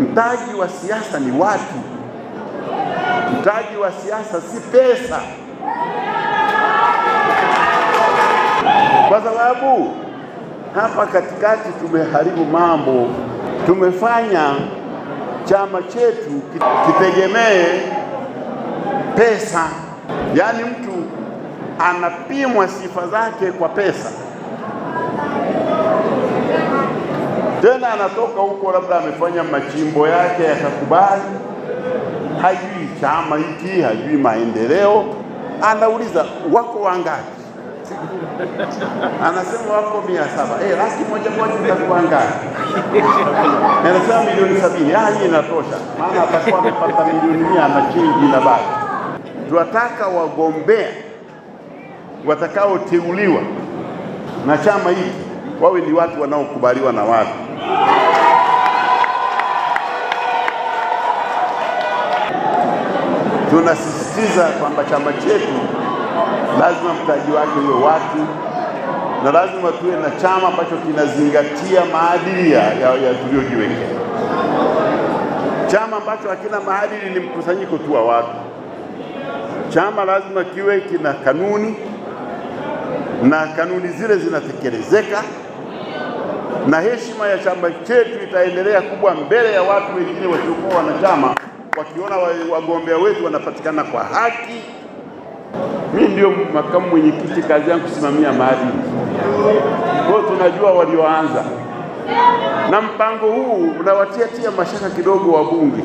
Mtaji wa siasa ni watu, mtaji wa siasa si pesa, kwa sababu hapa katikati tumeharibu mambo. Tumefanya chama chetu kitegemee pesa, yaani mtu anapimwa sifa zake kwa pesa. tena anatoka huko, labda amefanya machimbo yake yakakubali, hajui chama hiki, hajui maendeleo, anauliza wako wangapi? anasema wako mia saba. Eh, laki moja moja itakuwa ngapi? anasema milioni sabini. Ah, hii inatosha, maana atakuwa amepata milioni mia na chingi na baki. Tunataka wagombea watakaoteuliwa na chama hiki wawe ni watu wanaokubaliwa na watu Tunasisitiza kwamba chama chetu lazima mtaji wake uwe watu na lazima tuwe na chama ambacho kinazingatia maadili ya, ya Chama ambacho hakina maadili ni mkusanyiko tu wa watu. Chama lazima kiwe kina kanuni na kanuni zile zinatekelezeka na heshima ya chama chetu itaendelea kubwa mbele ya watu wengine wasiokuwa wanachama, wakiona wagombea wetu wanapatikana kwa haki. Mimi ndio makamu mwenyekiti, kazi yangu kusimamia maadili. Kwa tunajua walioanza na mpango huu unawatia tia mashaka kidogo wabunge.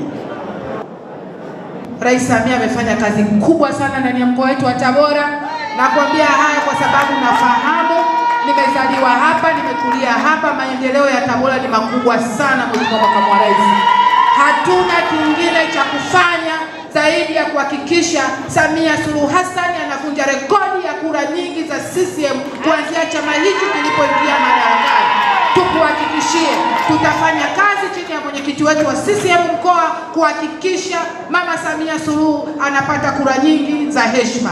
Rais Samia amefanya kazi kubwa sana ndani ya mkoa wetu wa Tabora, nakwambia haya kwa sababu nafahamu nimezaliwa hapa, nimekulia hapa. Maendeleo ya Tabora ni makubwa sana, Mheshimiwa Makamu wa Rais. Hatuna kingine cha kufanya zaidi ya kuhakikisha Samia Suluhu Hassan anavunja rekodi ya kura nyingi za CCM kuanzia chama hicho kilipoingia madarakani. Tukuhakikishie tutafanya kazi chini ya mwenyekiti wetu wa CCM mkoa kuhakikisha Mama Samia Suluhu anapata kura nyingi za heshima.